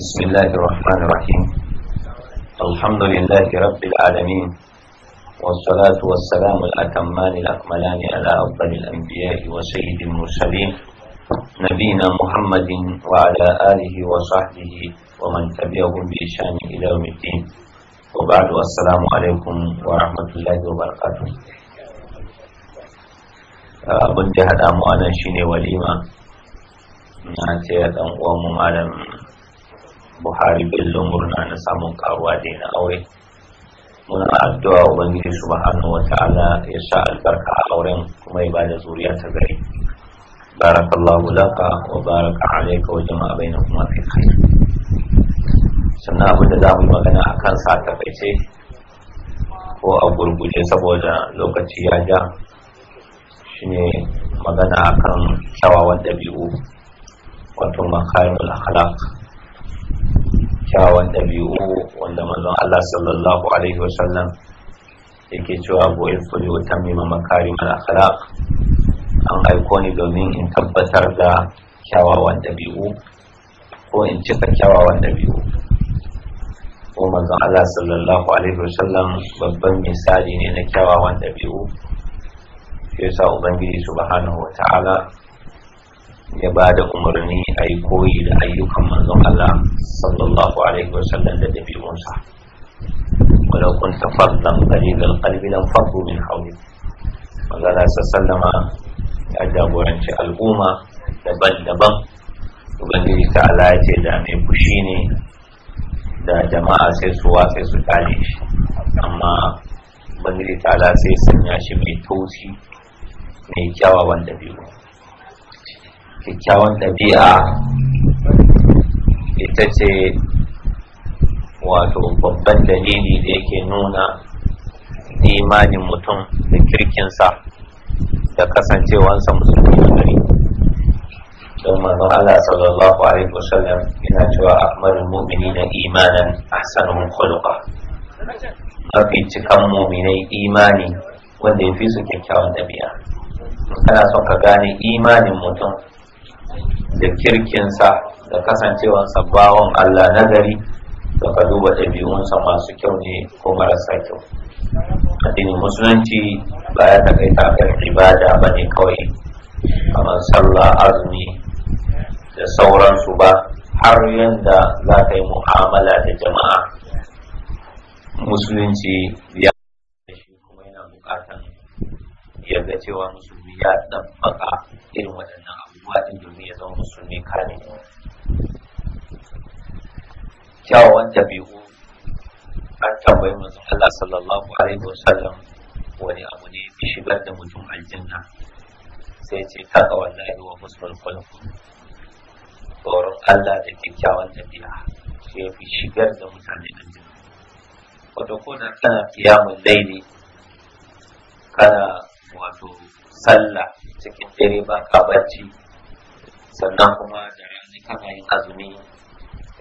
بسم الله الرحمن الرحيم الحمد لله رب العالمين والصلاة والسلام الأتمان الأكملان على أفضل الأنبياء وسيد المرسلين نبينا محمد وعلى آله وصحبه ومن تبعهم بإشان إلى يوم الدين وبعد السلام عليكم ورحمة الله وبركاته أبن جهد haɗa mu anan shine walima buhari bello murna na samun karuwa da aure muna addu'a ubangiji subhanahu wata'ala ya sa albarka a auren kuma ya bada zuriya ta gari barakallahu laka wa baraka alayka wa jama'a bainakuma fi khair sannan abin da za mu yi magana a sa a takaice ko a gurguje saboda lokaci ya ja shine magana akan kyawawan dabi'u, wato makarimul akhlaq kyawawan ɗabi'u wanda manzon Allah sallallahu alaihi wasallam yake cewa bu ilfu li utammima makari al akhlaq an aiko ni domin in tabbatar da kyawawan ɗabi'u ko in cika kyawawan ɗabi'u ko manzon Allah sallallahu alaihi wasallam babban misali ne na kyawawan ɗabi'u yasa ubangiji subhanahu wa ta'ala ya ba da umarni a yi koyi da ayyukan manzon Allah sallallahu alaihi wa sallam da Musa, dabi'unsa ولو كنت فظا قليل القلب fadu min hawli magana sa sallama ya jagoranci al'umma daban-daban ubangiji ta ala ce da mai fushi ne da jama'a sai su watsa su tale shi amma ubangiji ta ala sai sanya shi mai tausi mai kyawawan dabi'u kyakkyawan ɗabi'a ita ce wato babban dalili da yake nuna imanin mutum da kirkinsa da kasancewansa musulmi gari don manzon Allah sallallahu alaihi wa sallam yana cewa akmalul mu'minina imanan ahsanuhum khuluqa mafi cikan mu'minai imani wanda ya fi su kyakkyawan ɗabi'a kana son ka gane imanin mutum da kirkinsa da kasancewansa bawan Allah nazari, da ka duba ɗabi'unsa masu kyau ne ko marasa kyau addinin musulunci ba ya takaita kan ibada ba ne kawai kamar sallah azumi da sauransu ba har yadda za ka yi mu'amala da jama'a musulunci ya shi kuma yana bukatan yadda cewa musulmi ya ɗabbaka irin waɗannan mutuwa din domin ya zama musulmi kamil kyawawan dabi'u an tambayi manzon Allah sallallahu alaihi wasallam wani abu ne fi shigar da mutum aljanna sai ce ga wallahi wa husnul khuluq tsoron Allah da kyakkyawan tafiya sai ya fi shigar da mutane aljanna wato ko da kana kiyamun laili kana wato sallah cikin dare ba ka bacci sannan kuma da rani kana yin azumi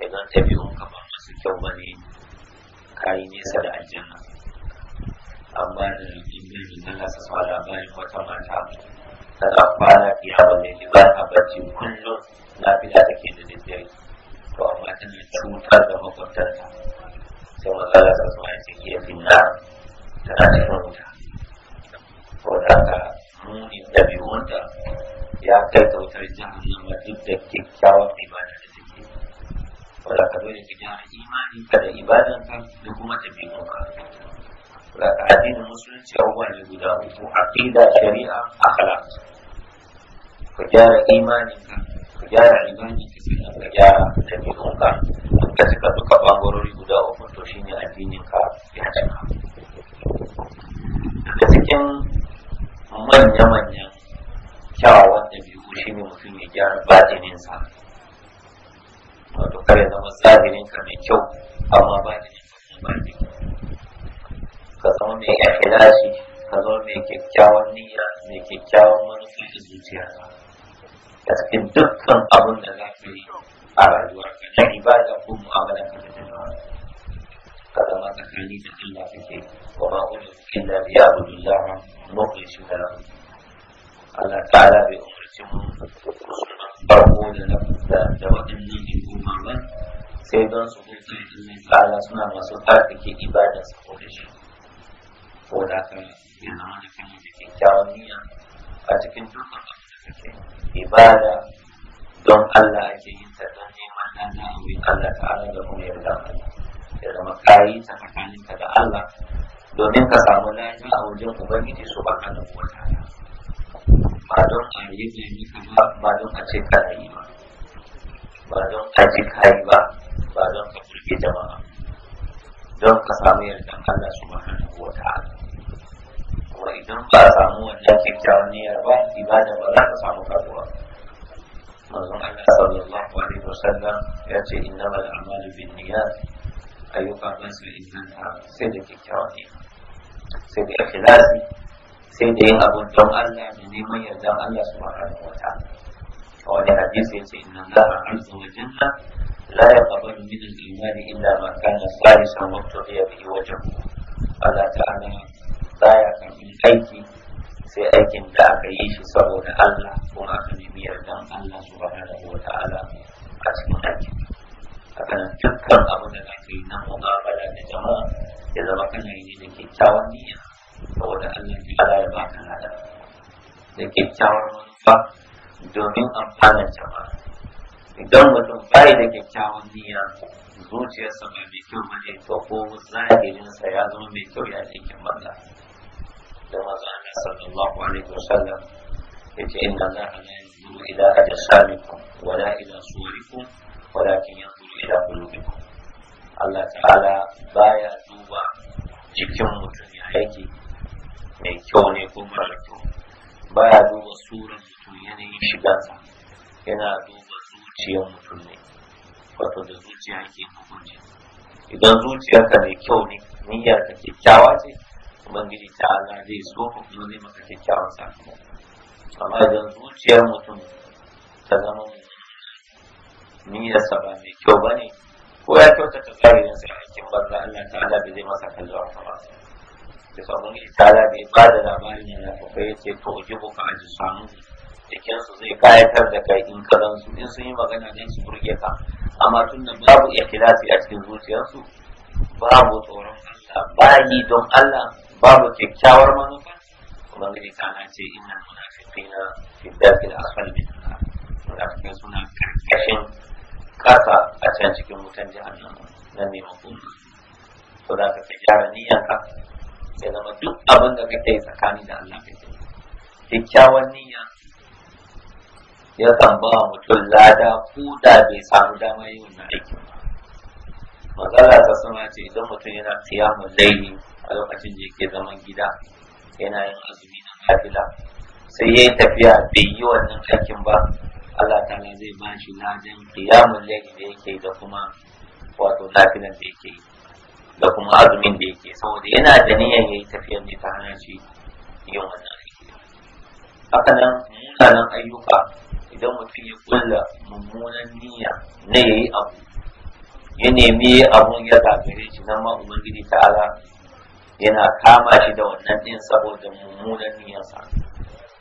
idan ɗabi'un ka ba masu kyau ba ne ka yi nesa da aljanna amma da jimbin da Allah sa sa labarin wata mata tana fara kiyawa da ba a bacci kullum ta take da daddare to amma tana cutar da makwabtanta sai maza Allah sa ya ce ke tana cikin wuta ko da ka munin ɗabi'unta yaptık da oturacağım anlamadım dedik cevap ibadet edeceğiz. orang kabul gidiyor imanın kada ibadet kan da kuma tabi muka. Wala addinin musulunci abubuwa ne guda uku aqida shari'a akhlaq. Ka gyara imanin kan. ka, ka gyara imanin ka sannan ka gyara tabi'un ka. In ka cika duka bangarori guda uku to shine addinin ka ya cika. Daga cikin manya kyawawan ɗabi'u shi ne mutum ya gyara batininsa wato kare zama zahirinka mai kyau amma batininka kuma ba ne. ka zama mai ikhlasi ka zama mai kyakkyawan niyya mai kyakkyawan manufa da zuciyarka a cikin dukkan abin da za ka yi a rayuwarka na ibada ko mu'amala ka da jama'a ka zama tsakani da Allah kake wa ma'udu illa biya abudullah mukhlishin lahu Allah ta'ala bai umarci mu farko da na da da waɗannan hikuma ba sai don su kuma ilimin ta'ala suna masu tsarkake ibada su ko da shi ko da ka ya zama da kan da kyakkyawan niyya a cikin dukkan abin da kake ibada don Allah ake yin ta don neman lana a wurin Allah ta'ala da kuma yarda Allah ya zama kayi ta tsakaninka da Allah domin ka samu lafiya a wajen Ubangiji su ba ka da wata ba don a yi nemi ba ba don a ce ka yi ba ba don a ji ka yi ba ba don ka turke jama'a don ka samu yardan Allah subhanahu ko ta'ala kuma idan ba a samu wannan kyakkyawan niyyar ba ibada ba za ka samu karuwa manzon Allah sallallahu alaihi wasallam ya ce innamal a'malu binniyat ayyuka ba su inganta sai da kyakkyawan niyya sai da ikhlasi sai da yin abun don Allah da neman yardan Allah subhanahu wa wata. a wani hadisi yace inna a azza wa jalla la yaqbalu min al imani illa ma kana salisan wa Ba za ta Allah za ya kan aiki sai aikin da aka yi shi saboda Allah kuma aka nemi yardan Allah da wata ala a cikin kyakkyawan manufa domin amfanar jama'a idan mutum bai da kyakkyawan niyya zuciyarsa ba mai kyau ba to ko zahirinsa ya zama mai kyau ya aikin banza da mazan sallallahu alaihi wasallam yace inna la zuciyarka mai kyau ne niyyar kyakkyawa ce ubangiji ta Allah zai so ka kuma zai maka kyakkyawan sakamako amma idan zuciyar mutum ta zama niyyarsa ba mai kyau ba ne ko ya kyautata yin sa aikin banza Allah ta Allah bai zai masa kallon sama da sa ubangiji ta Allah bai ba da labarin yana kuka ya ce to ji ka aji samu jikin su zai kayatar da kai in kazan su in sun yi magana ne su burge ka amma tun da babu ikhlasi a cikin zuciyarsu babu tsoron Allah bayi don Allah babu kyakkyawar manufa ubangiji ta na ce innal munafiqina fi dakil asfal min nar munafiqin suna karkashin kasa a can cikin mutan jahannama nan ne makoma to da ka niyan ka, sai zama duk abin da kake tsakani da Allah kai Kyakkyawar niyya ya kan ba mutum lada ko da bai samu dama yi wannan aikin ba matsala ta sama ce idan mutum yana kiyamun laini a lokacin da yake zaman gida yana yin azumi na nafila sai ya yi tafiya bai yi wannan aikin ba Allah Ta na zai ba shi lajen kiyamun laili da yake da kuma wato nafilan da yake yi da kuma azumin da yake saboda yana da niyyar ya yi tafiyar ne ta hana shi yin wannan aiki haka nan munanan ayyuka idan mutum ya kulla mummunan niyya na ya yi abu yana miye abun ya gagare shi nan ma ubangiji ta'ala yana kama shi da wannan din saboda mummunan niyyarsa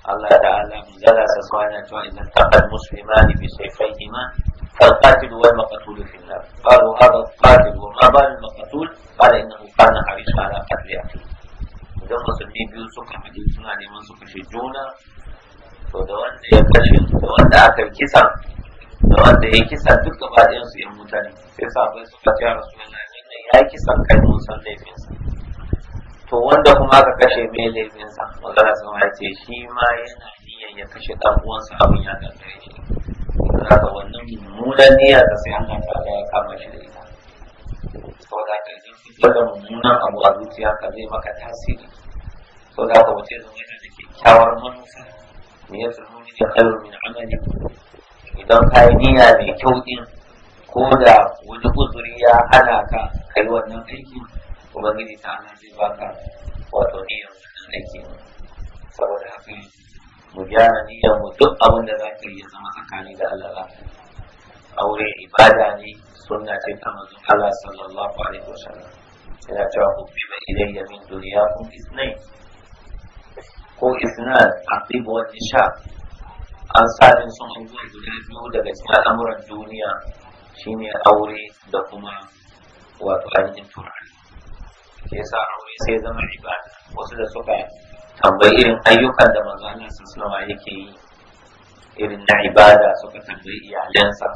الله تعالى جل سبحانه وإذا التقى المسلمان بسيفيهما فالقاتل والمقتول في النار قالوا هذا القاتل وما بال المقتول قال إنه كان حريصا على قتل أخيه إذا ما سمي حديثنا لمن سكشي جونا فدوان يبتشي دوان دعاك الكسر da wanda ya kisa duk gaba ɗayan su yan mutane sai sabai suka ce rasulullahi wannan ya kisa kai mun san laifinsa to wanda kuma aka kashe mai laifinsa magana sun ya ce shi ma yana niyan ya kashe ɗan uwansa abin ya gangare shi haka wannan mummunan niyya da sai an ta ya kama shi da ita saboda ka idan fitar da mummunan abu a zuciya ka zai maka tasiri saboda ka wuce zama yana da kyakkyawar manufa yasa mun yi da kalmar min amali idan ka yi niyya mai kyau din ko da wani uzuri ya hana ka kai wannan aiki ubangiji ta ana zai baka wato niyyar wannan aiki saboda haka mu gyara niyyar mu duk abin da za ka yi ya zama tsakani da Allah aure ibada ne sunna ce ta manzon Allah sallallahu alaihi wasallam yana cewa ku bi idan ilayya min kun isnai ko isnan aqibu wa nisha an tsarin sun abubuwa guda biyu daga cikin al'amuran duniya shine aure da kuma wato ainihin turare ke sa aure sai zama ibada wasu da suka tambayi irin ayyukan da manzo Allah sallallahu alaihi yake yi irin na ibada suka tambayi iyalansa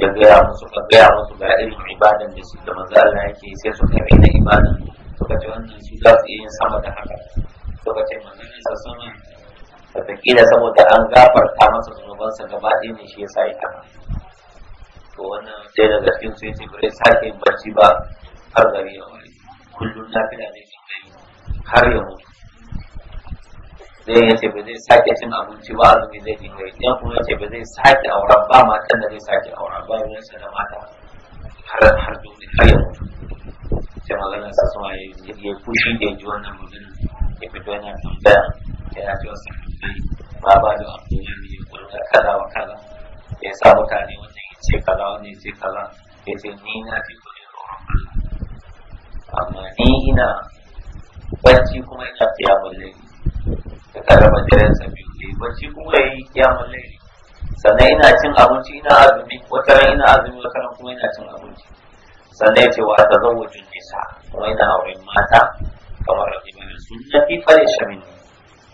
ya gaya musu ka gaya musu ga irin ibadan da su da manzo Allah yake yi sai suka yi na ibada suka ce wannan su za su yi sama da haka suka ce manzo Allah sallallahu wataƙila saboda an gafarta masa zunubansa gaba ɗaya ne shi ya sa ya haka to wannan sai daga cikin su yace bai sake yin bacci ba har gari ya wari kullum na fi da ne shi gari har ya mutu zai yace ba zai sake cin abinci ba azumi zai dinga yi ɗan kuma yace ba zai sake aura ba matan da zai sake aura ba sa da mata har har dole har ya mutu sai magana sa suma ya yi fushi da ya ji wannan mutum ya fito yana tambaya yana wasu. ma ba da abin yanzu ya kulla kaza wa kaza ya sa mutane wanda ya ce kaza wanda ya ce kaza ya ce ni na fi kuɗin tsoron Allah amma ni ina bacci kuma ina kiyamun laifi da karaba jiransa biyu ke bacci kuma ya yi kiyamun laifi sannan ina cin abinci ina azumi wata ran ina azumi wata ran kuma ina cin abinci sannan ya ce wa ta zan wajen nisa kuma ina auren mata kamar rajimin sunna fi fare shamini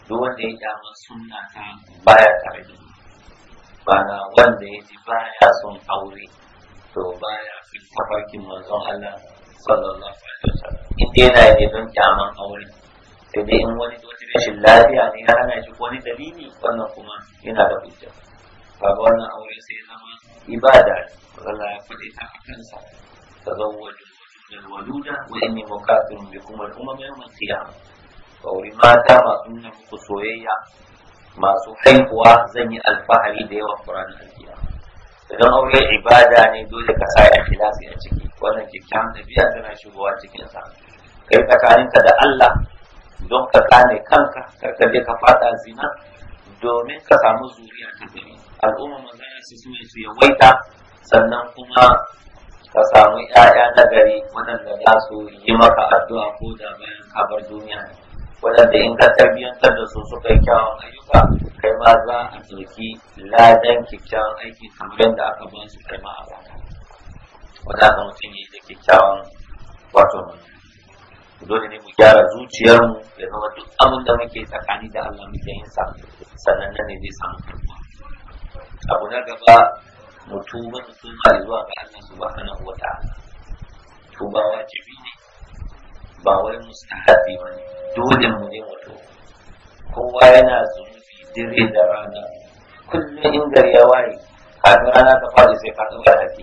duk wanda ya kyamar sunna ta baya tare da bana wanda ya ji baya son aure to baya fi tafarkin manzon Allah sallallahu alaihi wa in dai yana yi don kyaman aure sai dai in wani wata rashin lafiya ne ya hana shi ko wani dalili wannan kuma yana da hujja kaga wannan aure sai zama ibada Allah ya faɗi ta kansa tazawwaju min waluda wa inni mukathirun bikum al-umam yawm al-qiyamah alƙawari auri mata masu nuna muku soyayya masu haihuwa zan yi alfahari da yawan ƙur'ani alkiya idan aure ibada ne dole ka sa ya kilasi a ciki wannan kyakkyawan tafiya tana shigowa cikin sa kai tsakaninka da Allah don ka kane kanka kar ka je ka fada zina domin ka samu zuriya ta gari al'umma manzana su sune su yawaita sannan kuma ka samu 'ya'ya na gari waɗanda za su yi maka addu'a ko da bayan kabar duniya ne waɗanda in ka tarbiyyantar da su suka yi kyawun ayyuka kai ma za a ɗauki ladan kyakkyawan aiki kamar da aka ban su kai ma a baka wadanda mutum yi da kyakkyawan wato dole ne mu gyara zuciyarmu ya zama duk abin da muke tsakani da Allah muke yin sa sannan nan ne zai samu kuma abu na gaba mutum mutum zuwa ga Allah subhanahu wa ta'ala tuba wajibi ne ba wai mustahabi ba ne dole mu ne wato. kowa yana zunubi dare da rana kullum in gari ya waye kafin rana ta fara sai ka ɗauka hafi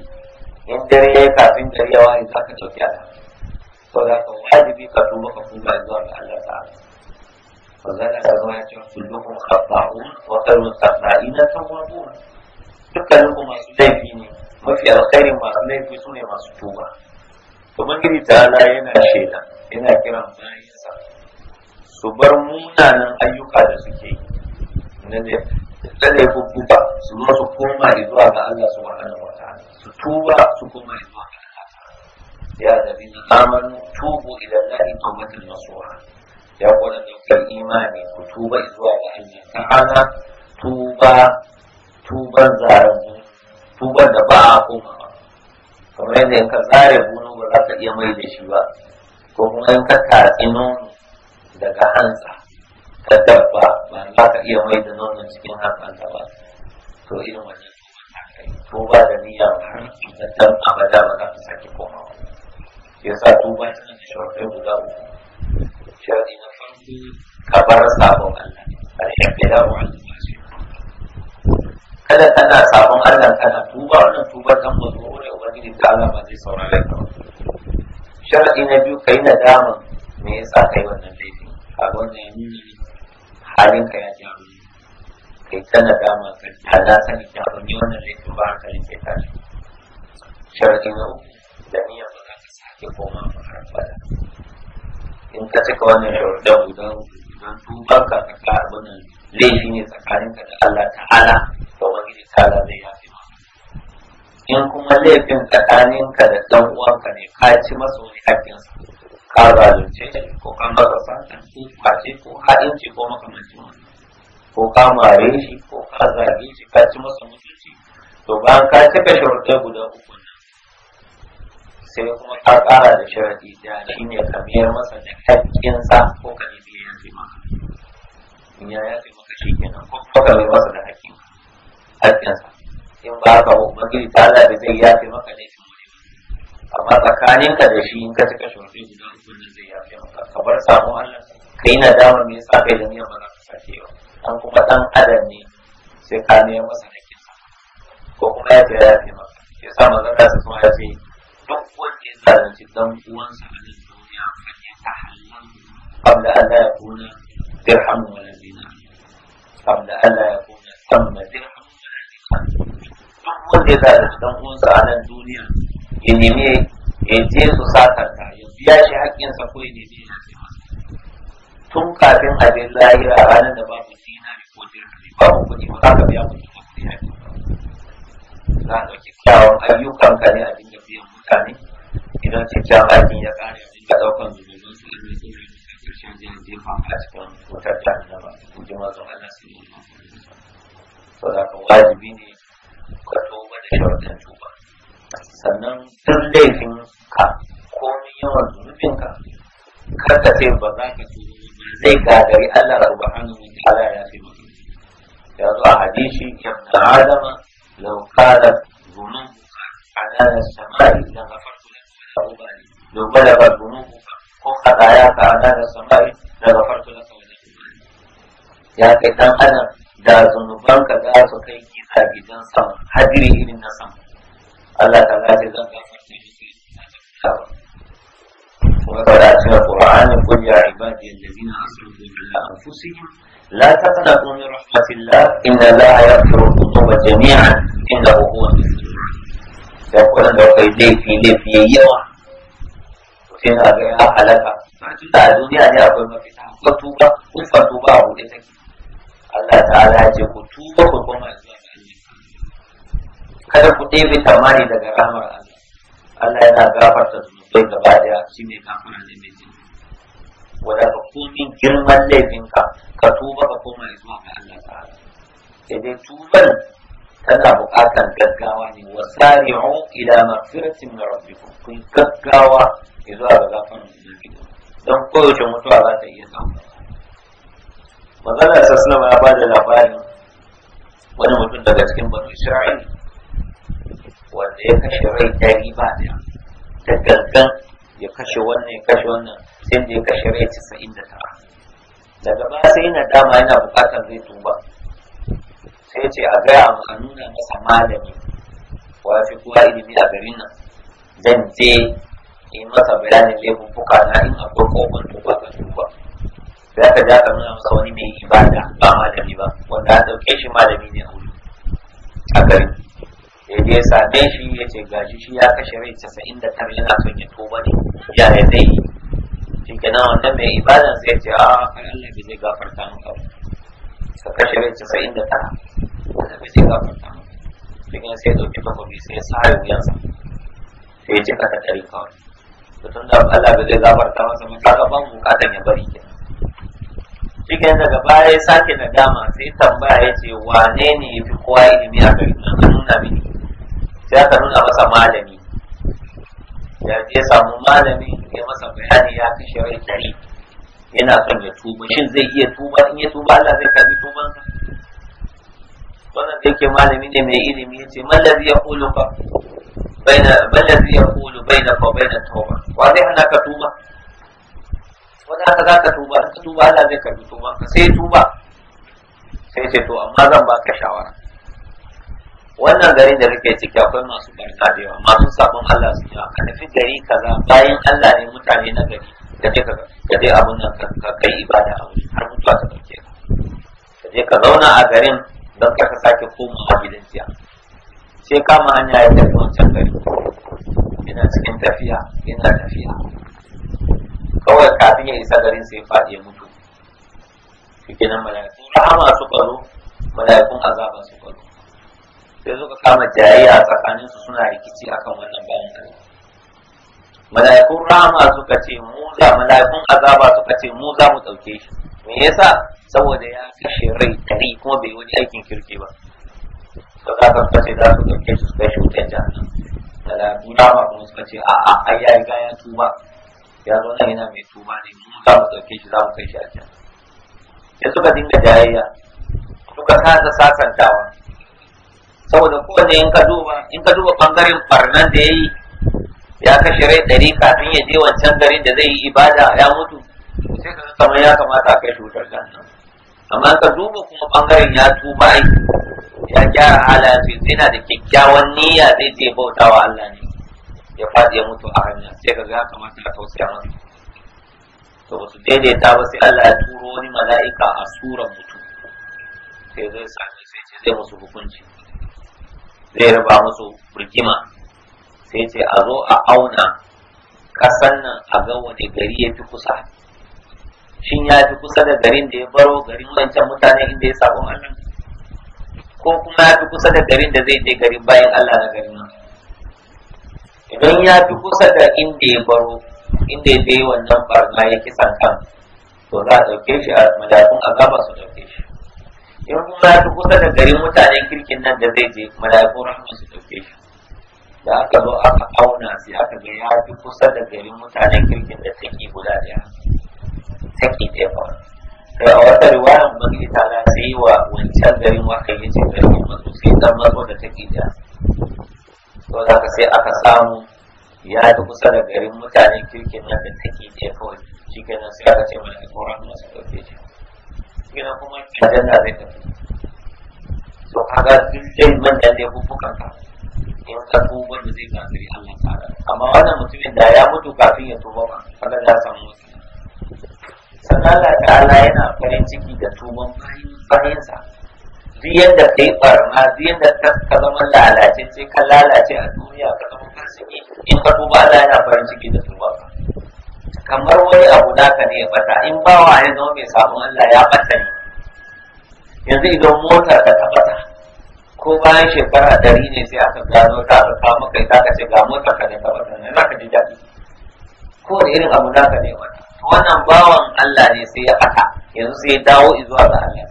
in dare ya yi kafin gari ya waye za ka ɗauki ala Ko za ka wajibi ka tuba ka kuma zuwa ga Allah ta'ala وذلك أزواج كلهم خطاؤون وخير الخطائين توابون Dukkan ku masu laifi ne mafi alkhairin masu laifi su ne masu tuba ubangiji ta'ala yana shaida yana kira bayansa su bar munanan ayyuka da suke yi na ne ta su ma su koma zuwa ga Allah subhanahu wata'ala su tuba su koma zuwa ga Allah ya nabi na amanu tubu ila Allah tubatan nasuha ya kwana da kai imani ku tuba zuwa ga Allah ta'ala tuba tuban zarabu tuban da ba a koma kamar yadda in ka tsare bunu ba za ka iya mai da shi ba ko kuma in ka tatsi nono daga hansa ta dabba ba za ka iya mai da nono cikin hankalta ba to irin wannan tuba da niyya har da dan abada ba za ka sake komawa sa tuba nan da shawarfai guda uku sharadi na farko ka bar sabon Allah ƙarshen bida wa kada na sabon Allah kana tuba wannan tubar dan ba zo da ubangiji ta Allah ba zai saurare ka sharadi na biyu kai nadama me yasa kai wannan laifin a wannan ya nuna halin ka ya gyaru kai ta nadama ka ta na sani ka ban wannan laifin ba ka ne kai shi sharadi na uku da niyyar ba za ka sake koma ba har fada in ka cika wannan sharadan guda don tuba ka ka abin laifi ne tsakaninka da Allah ta'ala to ubangiji ta'ala zai yafe in kuma laifin tsakaninka da ɗan uwanka ne ka ci masa wani haƙƙinsa. ka zalunce shi ko ka masa sanka ko ce ko haɗinci ko makamancin wani ko ka mare shi ko ka zage shi ka ci masa mutunci to bayan ka cika sharuɗai guda uku nan sai kuma ka ƙara da sharaɗi da shi ne ka biyar masa da haƙƙinsa ko ka ne ya yafe maka in ya yafe maka shi kenan ko ka biyar masa da haƙƙinsa in ba ka ubangiji ta Allah da zai yafe maka laifin wani amma tsakanin ka da shi in ka cika shurfi guda uku da zai yafe maka ka bar samu Allah ka yi nadama me yasa kai da niyyar ba za ka sake ba an kuma dan adam ne sai ka ne masa hakkin ko kuma ya ta yafe maka yasa manzon Allah sai kuma ya ce duk wanda ya zalunci dan uwansa a nan duniya kan ta tahalla abda Allah ya kuna dirhamu wa dinar abda Allah ya kuna ثم dirhamu wa دينار wanda ya zalunci cikin uwansa a nan duniya ya nemi ya je su satanta ya biya shi haƙƙinsa ko ya nemi ya ce tun kafin abin lahira a ranar da babu dinari ko ba babu kuɗi ba za ka biya kuɗi ba kuɗi haƙƙi za ka ɗauki kyawun ka ne a dinga biyan mutane idan kyakkyawan aikin ya ƙare a dinga ɗaukan zunubin su a mai tsoro da ƙarshen jihar jefa a cikin wutar jihar da ba ko kuma zuwa Allah su yi wannan. Saboda wajibi ne ka tuba da shawarar tuba sannan duk laifin ka komi yawan zunubin ka kar sai ce ba za ka tuba ba zai gagari Allah subhanahu wa ta'ala ya fi maka ya zo a hadisi yabda adama law qala zunubu ala samai la ghafartu lahu wa la ubali law balagha zunubu ko khataya ka ala samai la ghafartu lahu wa la ubali ya kai dan adam da zunubanka za su kai shagidan san hadiri irin na san Allah ta lafi zan gafarta musu وقد أتى القرآن قل يا عبادي الذين أسرفوا على أنفسهم لا تقنطوا من رحمة الله إن الله يغفر الذنوب جميعا إنه هو الغفور يقول أن لو كيدي في لي في يوا وفينا غير حلقة فتلا الدنيا دي أقول ما فيها فتوبة وفتوبة ولتك الله تعالى يجي كتوبة وكما kada ku ɗebe tamani daga rahmar Allah Allah yana gafarta zunubai gaba daya shi mai gafara ne mai jin wanda ka komin girman laifinka ka tuba ka koma zuwa ga Allah ta'ala sai dai tuban tana buƙatar gaggawa ne wa sari'u ila magfiratin min rabbikum kun gaggawa zuwa ga gafaran zunubi Dan koyaushe mutuwa za ta iya samu magana sassanama ya ba da labarin wani mutum daga cikin banu isra'ila wanda ya kashe rai dari ba da da gangan ya kashe wannan ya kashe wannan sai da ya kashe rai casa'in da tara daga baya sai yana dama yana bukatar zai tuba sai ce a gaya a nuna masa malami wa fi kowa ilimi a garin nan zan je yi masa bayanin laifuffuka na in akwai kofin tuba ka tuba za ka ja ka nuna masa wani mai ibada ba malami ba wanda an ɗauke shi malami ne a wuri ya je same shi ya ce gashi shi ya kashe rai casa'in da tare yana son ya toba ne ya ya zai yi shi kenan wannan mai ibadan sai ce a ai Allah bai zai gafarta mu ba ka kashe rai casa'in da tara Allah bai zai gafarta mu shi kenan sai ya ɗauki takobi sai ya sare sa. sai ya ce ka ta kawai to tun da Allah bai zai gafarta masa ba kaga ban bukatan ya bari kenan shi kenan daga baya ya sake nadama sai tambaya ya ce wane ne ya fi kowa ilimi a garin nan nuna mini sai aka nuna masa malami ya je samu malami ya masa bayani ya kashe wani kiri yana son ya tuba shin zai iya tuba in ya tuba Allah zai tuban tubansa wannan da yake malami ne mai ilimi yace mallazi yaqulu fa baina mallazi yaqulu baina fa baina tuba wa zai hana ka tuba wannan haka zaka tuba in ka tuba Allah zai tuban tubanka sai tuba sai ce to amma zan baka shawara wannan garin da kake ciki akwai masu barka da yawa masu sabon Allah su yi aka nufi gari kaza bayan Allah ne mutane na gari ka je ka dai abun nan ka kai ibada a wuri har mutuwa ta dauke ka ka je ka zauna a garin don ka ka sake koma a gidan jiya sai kama hanya ya tafi wancan gari yana cikin tafiya yana tafiya kawai kafin ya isa garin sai faɗi ya mutu shi kenan mala'iku rahama su ƙwaro mala'ikun azaba su ƙwaro sai suka kama jayayya a tsakaninsu suna rikici akan wannan bayan da mala'ikun rahama suka ce mu za mala'ikun azaba suka ce mu za mu ɗauke shi me yasa saboda ya kashe rai tari kuma bai wani aikin kirki ba to ka suka ce za su ɗauke shi su kai shi wutar jahannam mala'ikun rahama kuma suka ce a'a ai ya riga ya tuba ya zo nan yana mai tuba ne mu za mu ɗauke shi za mu kai shi a can sai suka dinga jayayya suka ta sasantawa saboda kowane in ka duba in ka duba bangaren barnan da ya yi ya kashe rai ɗari kafin ya je wancan garin da zai yi ibada ya mutu sai ka kamar ya kamata a kai shi wutar nan. amma ka duba kuma bangaren ya tuba yi ya gyara halayen sai yana da kyakkyawan niyya zai je bautawa Allah ne ya faɗi ya mutu a hanya sai ka ga kamata a tausaya masa to su daidaita ba sai Allah ya turo wani mala'ika a suran mutu. sai zai sake sai ce zai musu hukunci zai raba musu burkima sai ce a zo a auna kasan nan a ga wani gari ya fi kusa shin ya fi kusa da garin da ya baro garin wancan mutane inda ya samu Allah ko kuma ya fi kusa da garin da zai je garin bayan Allah na garin nan idan ya fi kusa da inda ya baro inda ya je wannan barna ya kisan kan to za a ɗauke shi a a gaba su ɗauke in kuma ya fi kusa da garin mutanen kirkin nan da zai je mala'iku rahama su ɗauke shi da aka zo aka auna sai aka ga ya fi kusa da garin mutanen kirkin da take guda ɗaya take ke ba Sai a wata riwayar majalisa na sai wa wancan garin wakan yace garin masu sai dan matso da take ɗaya to da ka sai aka samu ya fi kusa da garin mutanen kirkin nan da take ɗaya kawai shi kenan sai aka ce mala'iku rahama su ɗauke shi kenan kuma aljanna zai tafi to kaga duk zai da da bubukan ka in ka tuba da zai gagari Allah da. amma wannan mutumin da ya mutu kafin ya tuba ma kaga ya samu wasu sannan Allah ta'ala yana farin ciki da tuban bayansa duk yadda kai barna duk da ka zama lalace ce ka lalace a duniya ka zama fasiki in ka tuba Allah yana farin ciki da tuba kamar wani abu naka ne ya bata in ba wa ya zama mai sabon Allah ya bata ne yanzu idan motar da ta bata ko bayan shekara ɗari ne sai aka gano ta aka kawo maka ita ka ce ga motar ka ne ta bata ne za ka ji daɗi ko da irin abu naka ne ya to wannan bawan Allah ne sai ya bata yanzu sai ya dawo zuwa ga Allah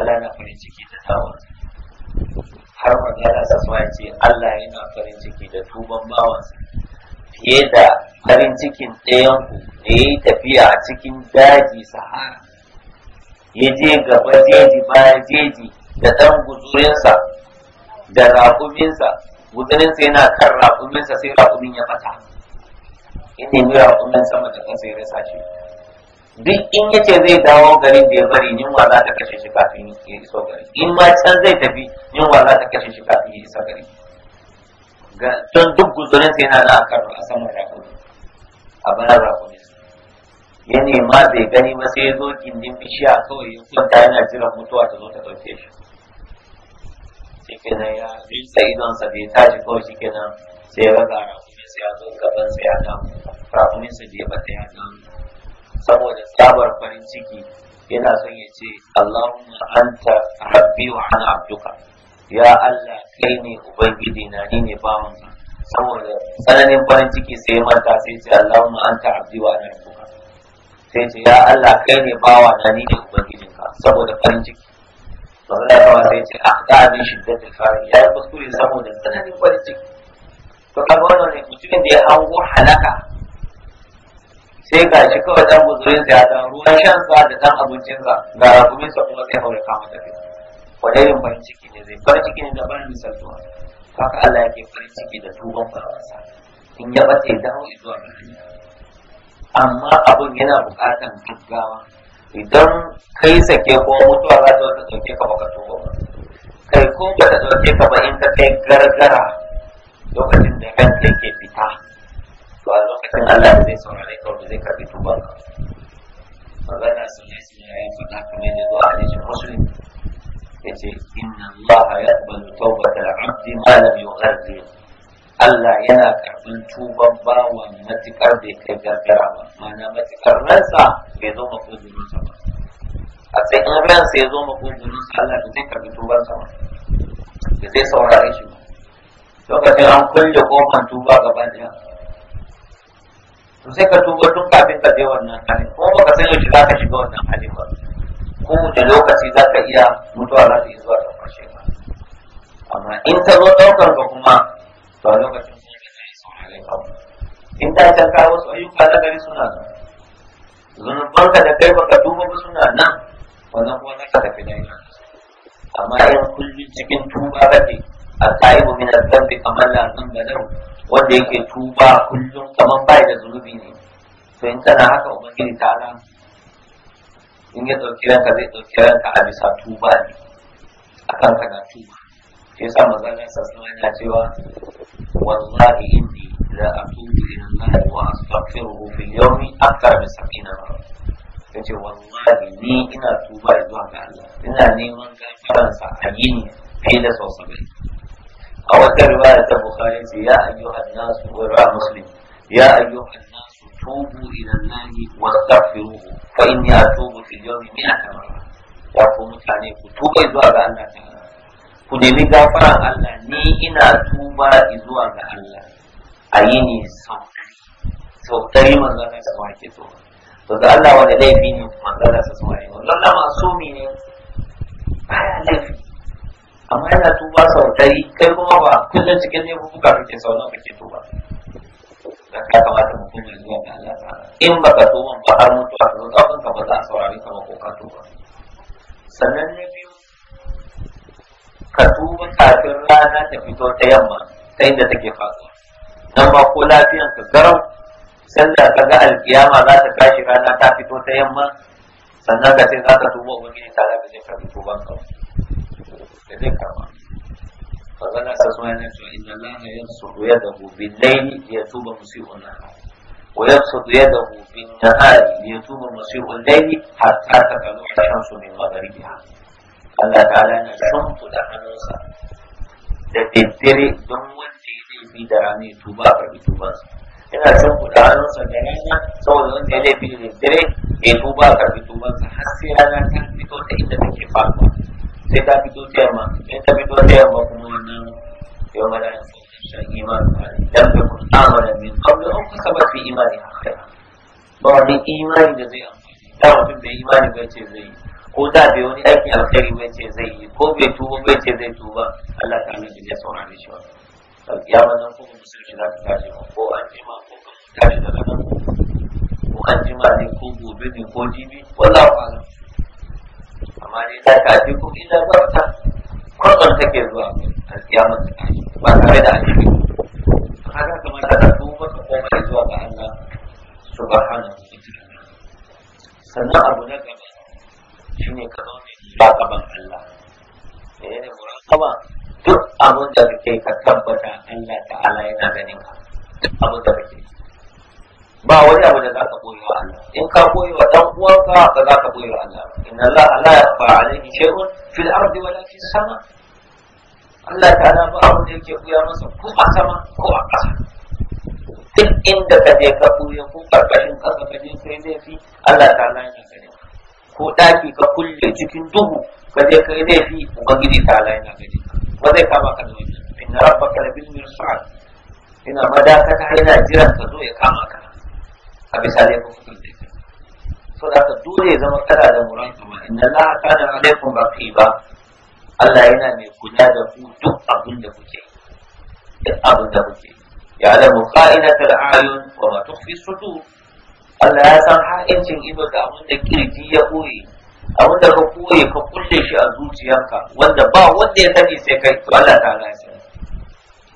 Allah na farin ciki da tawon har magana sa suwa ce Allah yana farin ciki da tuban bawansa fiye da farin cikin ɗayanku da ya yi tafiya a cikin daji sahara ya je gaba jeji baya jeji da ɗan guzurinsa da raƙuminsa guzurinsa yana kan raƙuminsa sai raƙumin ya fata. inda ne raƙumin sama da kansa ya rasa shi duk in ya ce zai dawo garin da ya bari yin za ta kashe shi kafin ya iso gari in ma can zai tafi yin za ta kashe shi kafin ya isa gari don duk guzurin sai yana a kan a saman rakumi a bayan rakumi ya nema bai gani ba sai ya zo gindin bishiya kawai ya kwanta yana jiran mutuwa ta zo ta ɗauke shi shi kenan ya rinsa sa bai tashi kawai shi kenan sai ya raga rakuminsa ya zo gaban sa ya damu rakuminsa bai bata ya damu saboda sabar farin ciki yana son ya ce Allahumma anta rabbi wa ana abduka ya Allah kai ne ubangiji na ni ne ba mun saboda tsananin farin ciki sai ya manta sai ce Allahumma anta abdi wa ana rabbuka sai ce ya Allah kai ne bawa na ni ne ubangijinka saboda farin ciki saboda kawai sai ce a da abin shiddatul farin ya kuskure saboda tsananin farin ciki to kaga wannan ne mutumin da ya hango halaka sai ga shi kawai dan guzurin sa ya dan ruwan shan sa da dan abincinsa ga rakumin sa kuma sai haure kama tafiya wani irin farin ciki ne zai farin ciki ne da misal misaltuwa haka Allah yake farin ciki da tuban faransa in ya bace dawo zuwa ga amma abun yana bukatan gaggawa idan kai sake ko mutuwa za ta wata dauke ka baka tuba ba kai ko ba ta dauke ka ba in ta kai gargara lokacin da kai ke fita to a lokacin Allah zai saurare ka wanda zai karbi tuban ka magana sun yi sun yi faɗa kamar yadda zuwa a cikin musulmi يعني إن الله يقبل توبة العبد ما لم يغذي الله ينك من توبة با ومتكر بك جرجرة ما نمتكر رنسا يزوم أكون جنون سما أتسي أن رنسا يزوم أكون جنون سما الله يزيك بتوبة سما يزي سورة ريشي ما توبة جنون كل يقوم من توبة قبل جنون تسيك توبة تنكا بك ديوان نحن كوم وكسيك جلاك جنون نحن كوم ko da lokaci za ka iya mutuwa za ta yi zuwa ta kwashe ba? amma in ta zo ɗaukar ka kuma to a lokacin sun yi zai suna da kawo in ta can kawo wasu ayyuka ta gari suna nan ka da kai baka duba ba suna nan wannan kuma na ka tafi da amma in kullum cikin tuba ke, a sa'ibu min al-dhanbi kamar lantan da nan, wanda yake tuba kullum kamar bai da zunubi ne to in tana haka ubangiji ta in ya ɗauki ranka zai ɗauki ranka a bisa tuba ne a kanka na tuba shi yasa manzon sassana yana cewa wallahi inni la atubu ila Allah wa astaghfiruhu fi yawmi akthar min 70 marra yace wallahi ni ina tuba zuwa ga Allah ina neman gafaran sa a yini fiye da sau a wata riwaya ta bukhari ce ya ayyuhan nasu wa muslim ya ayyuhan وتوبوا إلى الله واستغفروه فإني أتوب في اليوم مئة مرة ya ku mutane ku tuba zuwa ga Allah ta'ala ku nemi gafaran Allah ni ina tuba zuwa ga Allah a yi ni sautari sautari manzana da wake to to ga Allah wani laifi ne manzana sa suwa yi wannan Allah masumi ne baya laifi amma yana tuba sautari kai kuma ba kullum cikin ne kuka kake sau nawa kake tuba dan ya kamata mutum ya zuwa ga Allah ta'ala in baka tuban ba har mutuwa ka zo kafin ka ba za a saurari ka ba ko ka tuba sannan na biyu ka tuba kafin rana ta fito ta yamma ta inda take fasa nan ba ko lafiyan ka garau sannan ka ga alkiyama za ta tashi rana ta fito ta yamma sannan ka ce za ka tuba ubangiji ta lafi ka karbi tuban ka da zai karba فقال عسى سبحانه فإن الله يبسط يده بالليل ليتوب مسيء النهار ويبسط يده بالنهار ليتوب مسيء الليل حتى تطلع الشمس من مغربها الله تعالى نشمت لحن صار لتبتري دون تيدي في دراني توبا بتوبا إن شمت لحن صار دراني سوى دون تيدي في دراني توبا بتوبا حسي أنا كان بتوتي إلا بكفاق sai ka fito ta yamma in ta fito ta yamma kuma wannan yau mala shan san iman dan bi kun amana min qabl an kasaba fi imani akhira ba wani imani da zai amfani da mutum da imani bai ce zai yi ko da bai wani aikin alkhairi bai ce zai yi ko bai tuba bai ce zai tuba Allah ta annabi ya saurare shi wannan alkiyama nan ko musulmi za ta tashi ko an jima ko kan tashi daga nan ko an jima ne ko gobe ne ko jibi wallahu a'lam amma dai ta tafi illa tsafta kwatsan take zuwa gaskiya masu ba tare da alheri haka kamata da su masa komai zuwa ga Allah su subhanahu wa ta'ala sannan abu na gaba ne ka zo ne ba gaban Allah menene eh, muraqaba duk abin da kake ka tabbata Allah ta'ala yana ganin ka abin da kake ba wani abu da za ka koyi wa Allah in ka koyi wa dan uwanka ba za ka koyi wa Allah inna Allah la yakhfa alayhi shay'un fil ardi wala fis sama Allah ta'ala ba abin da yake buya masa ko a sama ko a ƙasa duk inda ka je ka buya ko karkashin ƙasa ka je kai laifi Allah ta'ala ya gani ko ɗaki ka kulle cikin duhu ka je kai laifi ubangiji ta'ala ya gani ba zai kama ka da wani inna rabbaka labil mirsad ina madaka ta hanya jiran ka zo ya kama ka a bisa laifin kuɗin da saboda haka dole ya zama kana da muran ba inna la kana alaikum raqiba Allah yana mai kula da ku duk abin da kuke duk abin da kuke ya da muqainat al-ayun wa ma tukhfi sudur Allah ya san ha'incin ido da abin da kirji ya koyi abin da ka koyi ka kulle shi a zuciyarka wanda ba wanda ya sani sai kai to Allah ta ya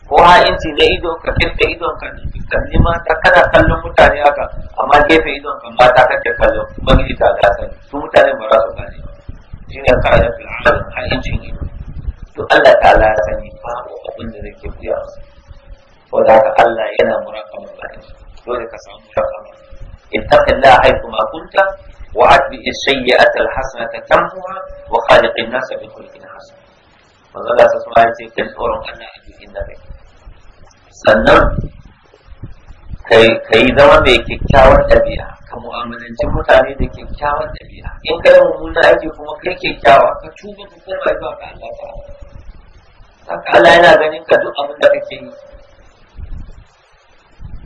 ko ha'inci da ido ka kirka idon ka kalli mata kana kallon mutane haka amma gefe idon ka mata kake kallo ubangiji ta ga san su mutane ba za su gane shi ne ka da fil'amal ha'incin ido to Allah ta ya sani ba abin da zai ke buya su ko da haka Allah yana murakamar ne dole ka samu murakama ittaqillaha haythu ma kunta wa wa adbi وعد السيئة الحسنة تمحها وخالق الناس بخلق حسن. وظل تسمع تلك الأورم أن أجل إنك sannan ka yi zama mai kyakkyawar ɗabi'a ka mu'amalanci mutane da kyakkyawar ɗabi'a in kai mummuna ake kuma kai kyakkyawa ka tuba ka koma zuwa ga Allah ta haka Allah yana ganin ka duk abin da kake yi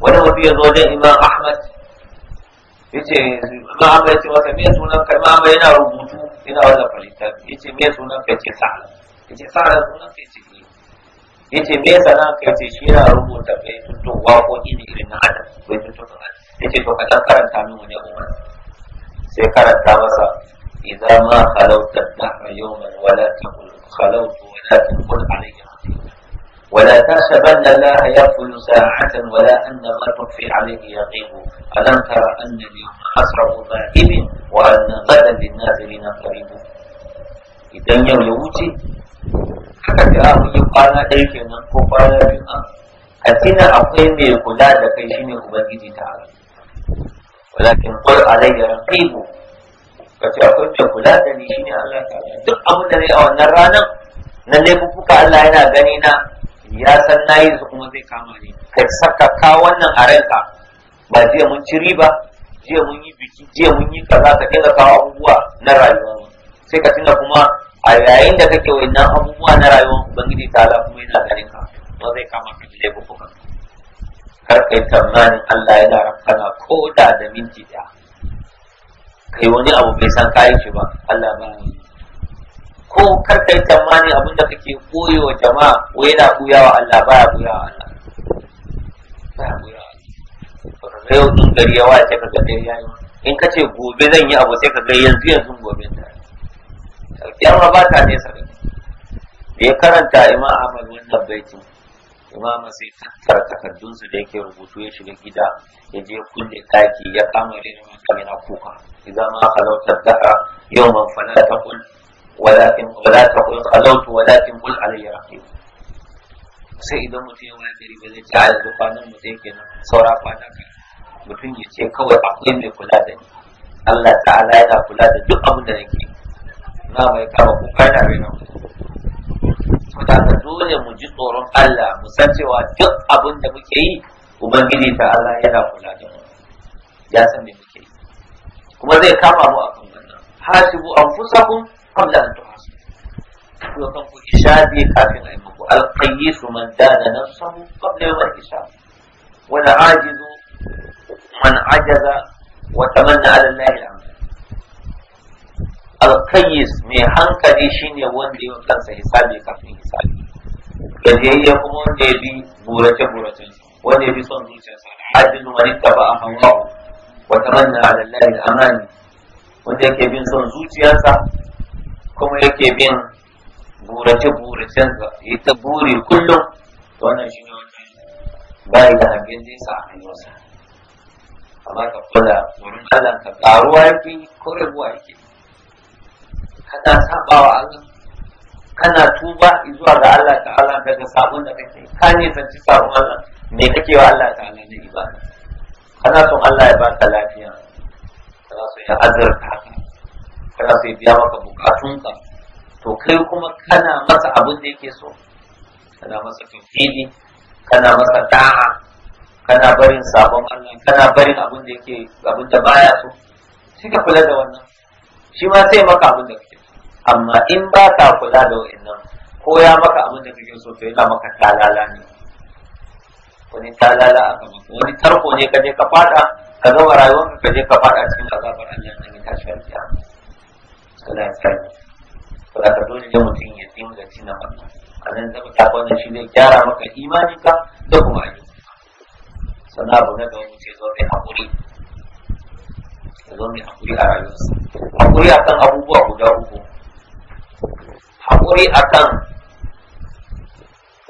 wani mutum ya zo wajen Imam Ahmad ya ce Imam Ahmad ya ce masa me sunan ka Imam Ahmad yana rubutu yana wannan falita ya ce me sunan ka ya ce Sa'ala ya ce Sa'ala sunan ka ya ce ya ce me yasa nan kai ce shi yana rubuta baituttun waƙoƙi ne irin na adam baituttun sun adam ya ce to ka ɗan karanta min wani abu sai karanta masa idan ma khalawta da yawman wala ta taqul khalawtu wala ta taqul alayya ولا تحسبن الله يغفل ساعة ولا أن ما تخفي عليه يغيب ألم تر أن اليوم أسرع ذاهب وأن غدا للناظرين قريب إذا يوم يوتي haka da ya yi kwana ɗaya kenan ko kwana biyu a kafina akwai mai kula da kai shine ubangiji ta ala walakin qul alayya raqibu kace akwai mai kula da ni shine Allah ta ala duk abin da nayi a wannan ranar na laifuka Allah yana gani na ya san nayi su kuma zai kama ni Ka saka ka wannan a ranka ba jiya mun ci riba jiya mun yi biki jiya mun yi kaza ka dinga kawo abubuwa na rayuwa sai ka tuna kuma a yayin da kake wannan abubuwa na rayuwar ubangiji ta ala kuma yana ganin ka ba zai kama ka da bukukan kar kai tamanin Allah yana rafana ko da da minti ɗaya kai wani abu bai san kayan shi ba Allah ba ko kar kai tamanin abin da kake koyo wa jama'a ko yana buyawa? Allah ba ya buya Allah ba ya buya wa Allah yau din gari ya wace ka ga dai yayi in ka ce gobe zan yi abu sai ka ga yanzu yanzu gobe zan alkiyama ba ta nesa da da ya karanta imam ahmad wannan baitin imam sai tattara takardunsu da yake rubutu ya shiga gida ya je kulle taki ya kama irin mata mina kuka idan ma halauta da'a yau man fana ta kul walakin wala ta kul halautu walakin kul alayya raqib sai idan mutum ya wani gari ba zai ci a yanzu kwanan mutum yake kenan saura kwana ka mutum ya ce kawai akwai mai kula da ni Allah ta'ala yana kula da duk abin da nake yi za mu yi kama kun kana bai nan saboda ka dole mu ji tsoron Allah mu san cewa duk abin da muke yi ubangiji ta Allah yana kula da mu ya san me muke yi kuma zai kama mu akan wannan hasibu anfusakum qabla an tuhasibu ku kan ku hisabi kafin a yi muku alqayyisu man dana nafsahu qabla yawm al-hisab wal ajizu man ajaza wa tamanna ala Allah al-amr alkayis mai hankali shine wanda yi kansa hisabi kafin hisabi gajiyayya kuma wanda ya bi burace burace wanda ya bi son zuciyarsa hajjin wani taba a hawa wa tamanna ala Allah amani wanda yake bin son zuciyarsa kuma yake bin burace buracensa ya ta buri kullum wannan shine wanda bai da hangen zai sa a hanyarsa amma ka kula wurin Allah ka karuwa yake ko rabuwa yake kana sabawa Allah kana tuba zuwa ga Allah ta'ala daga sabon da kake ka ne ci sabon Allah me kake wa Allah ta'ala na ibada kana son Allah ya baka lafiya kana so ya azurta ka kana son ya biya maka bukatunka to kai kuma kana masa abin da yake so kana masa tauhidi kana masa da'a kana barin sabon Allah kana barin abin da yake abin da baya so sai ka kula da wannan shi ma sai maka abin da amma in ba ka kula da wa'annan ko ya maka abin da kake so to yana maka talala ne wani talala aka maka wani tarko ne ka je ka fada ka zama rayuwarka ka je ka fada cikin azabar Allah na gida shi alfiya Allah ya sani ko da ka dole ne mutum ya dinga tina maka a nan zama ta wannan shi ne gyara maka imaninka da kuma ayyuka sannan abu na gaba mutum ya zo mai haƙuri ya zo mai haƙuri a rayuwarsa haƙuri akan abubuwa guda uku haƙuri a kan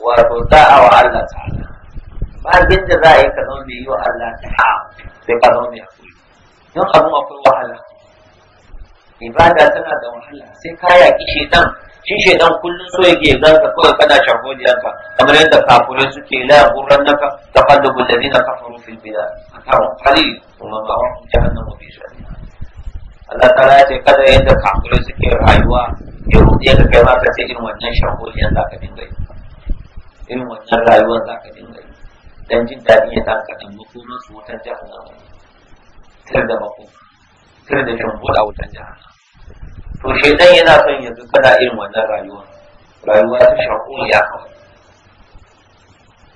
wato da'a wa Allah ta'ala ba abin da za a yi ka zama mai yi wa Allah ta'a sai ka zama mai haƙuri don abin akwai wahala ibada tana da wahala sai ka yaƙi shaidan shi shaidan kullum so yake zan ka kawai kana shagoliyanka kamar yadda kafurai suke la gurran naka ta fadda gullani na kafaru fil bila a karon kalil kuma ba wani jahannan mafi shari'a Allah ta ce kada yadda kafurai suke rayuwa yau ya ka kai maka sai irin wannan shagoliyan za ka dinga yi irin wannan rayuwar za ka dinga yi dan jin daɗin ya ɗan kaɗan makonan su wutan jahannama ne kar da mako kar da shan wutar wutan jahannama to shaidan yana son yanzu kana irin wannan rayuwa rayuwa ta shagoliya kawai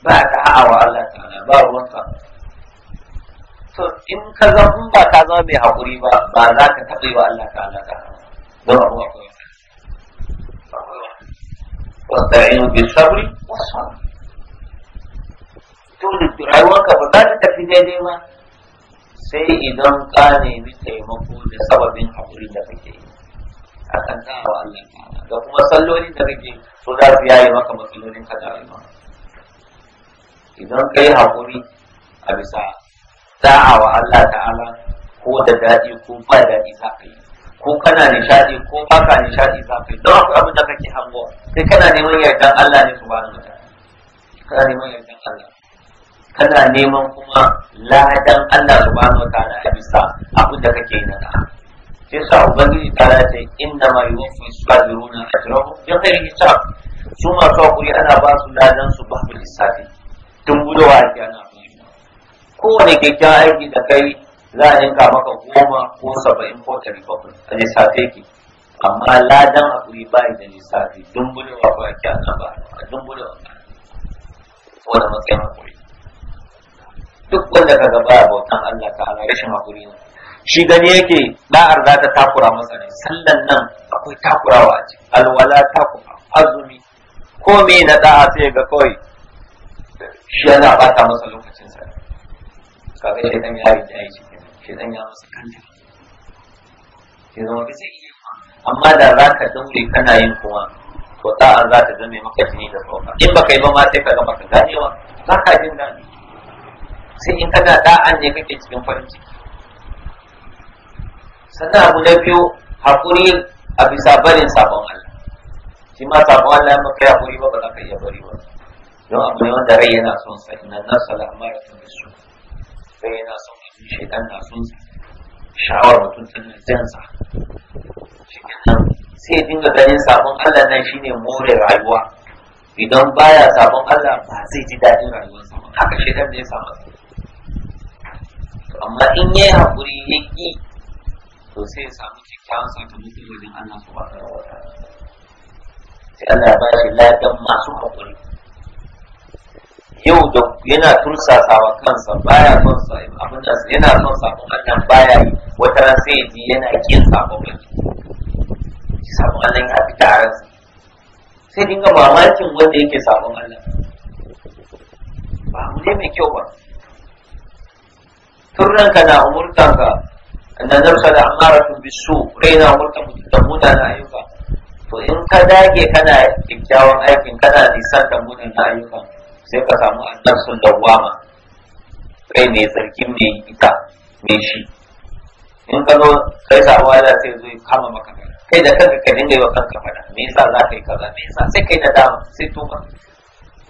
ba ta ha'awa Allah ta'ala ba ruwansa to in ka zama ba ka zama mai haƙuri ba ba za ka taɓa yi wa Allah ta'ala ta don abuwa kawai wasta'inu bis sabri was sabr ba za ta tafi daidai ba sai idan ka nemi taimako da sababin haƙuri da kake yi a kan dawa Allah ta'ala da kuma salloli da kake so za su maka matsalolin ka da rayuwa idan kai haƙuri a bisa da'awa Allah ta'ala ko da daɗi ko ba daɗi za ka yi ko kana nishadi ko baka nishadi za ka yi don akwai abin da kake hango sai kana neman yardan Allah ne su wataala kana neman yardan Allah kana neman kuma ladan Allah su subhanahu wataala a bisa abin da kake yi na da sai sa ubangiji ta ce inda ma a sabiruna ajrahum bi yi hisab su masu hakuri ana ba su ladan su babu lissafi tun gudowa ake ana kowane kyakkyawan aiki da kai za a yanka maka goma ko saba'in ko ɗari bakwai a lissafe ki amma ladan haƙuri ba da lissafi dumbulewa ko ake nan ba a dumbulewa ba da matsayin hakuri? duk wanda ka gaba a bautan Allah ta ala rashin hakuri ne shi gani yake ba'ar za ta takura masa ne sallan nan akwai takurawa a ciki alwala takura azumi ko me na da'a sai ga kawai shi yana bata masa lokacin sa kaga shi ya yi aiki shedan ya masa kanta ke zama ba zai iya amma da za ka daure kana yin kuma to da'a za zama zame maka jini da tsoka in baka yi ba ma sai ka ga baka ganewa za ka jin daɗi sai in kana da'an ne kake cikin farin ciki sannan abu na biyu haƙuri a bisa barin sabon Allah shi ma sabon Allah in kai haƙuri ba ba za ka iya bari ba don abu ne wanda rai yana son sa inna nasa la'amara ta bisu rai yana son shaitan na sun sha'awar mutum tana jansa shikenan sai dinga ganin sabon Allah nan shine more rayuwa idan baya sabon Allah ba zai ji daɗin rayuwar ba haka shaitan ne ya samu amma in yayi hakuri ya ki to sai ya samu kyakkyawan sakamako wajen Allah subhanahu wa ta'ala sai Allah ya ba shi ladan masu hakuri yau da yana tursa sawa kansa baya son sa abin da yana son sabon Allah baya yi wata ran sai ya ji yana kin sabon sa sabon Allah ya fi taron sai dinga mamakin wanda yake sabon Allah ba mu ne mai kyau ba tun ranka na umurtanka annan nafsa da amaratun bisu raina umurtan mutum da na ayyuka to in ka dage kana kyakkyawan aikin kana nisan da munanan ayyukan sai ka samu sun dawwama kai mai sarki mai ita mai shi in ka zo kai sabuwa da sai zo kama maka kai da kanka ka dinga yi wa kanka fada me yasa za ka yi kaza me yasa sai kai dama? sai tuba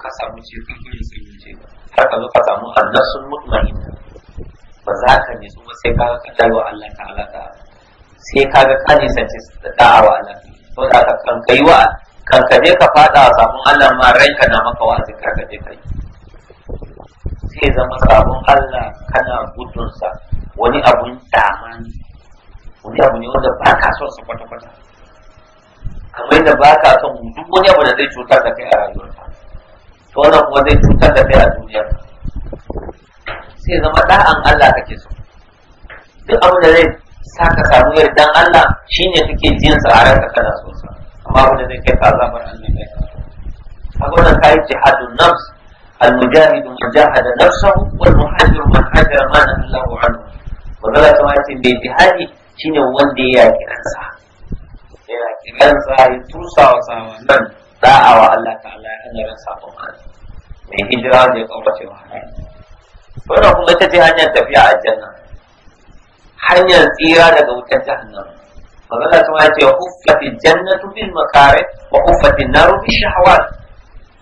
ka samu ce ka kiri sai ce har ka zo ka samu sun mutmainna ba za ka nitsu ba sai ka ka wa Allah ta'ala alaka. sai ka ga ka ce da da'awa Allah to da ka kan kai wa kan ka je ka fada a sabon Allah ma ranka na maka wa'azi kar ka je ka yi sai zama sabon Allah kana gudunsa wani abun dama wani abu ne wanda ba ka son su kwata-kwata kamar yadda ba ka son duk wani abu da zai cutar da kai a rayuwarka to wannan kuma zai cutar da kai a duniya sai zama da'an Allah kake so duk abu da zai sa ka samu yardan Allah shine kake jin sa a ranka kana so babu da zai kai ka azabar Allah mai kaga wannan kai jihadun nafs المجاهد من جاهد نفسه والمهاجر من هاجر ما نهى عنه وذلك كما يتم بالجهاد شنو وندي يا كرنسا يا كرنسا يتوسع وسامن da'a wa Allah ta'ala ya hanyar sabon Allah mai hijira da ya kaurace wa hanyar wannan kuma ita ce hanyar tafiya a janna hanyar tsira daga wutar jahannam فبلا تمات أفت الجنة بالمكاره وأفت النار بالشهوات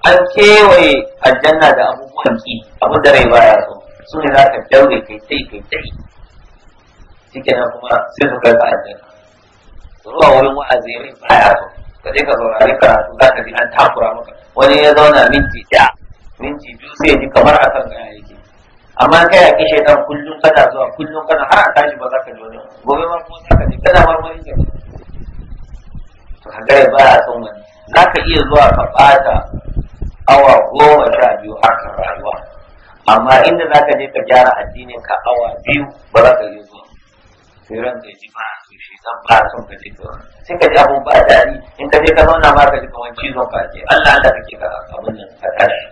أن أيوة، كيوي الجنة دا أبو مهمكي أبو دا رواياته سنة ذاك الدولة كي تي كي تي تيكنا كما سنفك الجنة روح ولم أزيرين بحياته كذلك ذو عليك راتو ذاك دي أن تحقر عمك وني يدونا من تي تا من تي جوسي دي كمرأة كان عليك amma kai a kishe dan kullum kana zuwa kullum kana har a tashi ba za ka ji wani gobe ma ko za ka ji kana marmari ka to kaga ba a son wani za ka iya zuwa ka bata awa goma sha biyu harkar rayuwa amma inda za ka je ka gyara addinin ka awa biyu ba za ka iya zuwa sai ran ka ji ba su shi san ba son ka ji to sai ka ji abun ba daɗi in ka je ka zauna ma ka ji kamar cizon ka ce Allah Allah kake ka abin nan ka tashi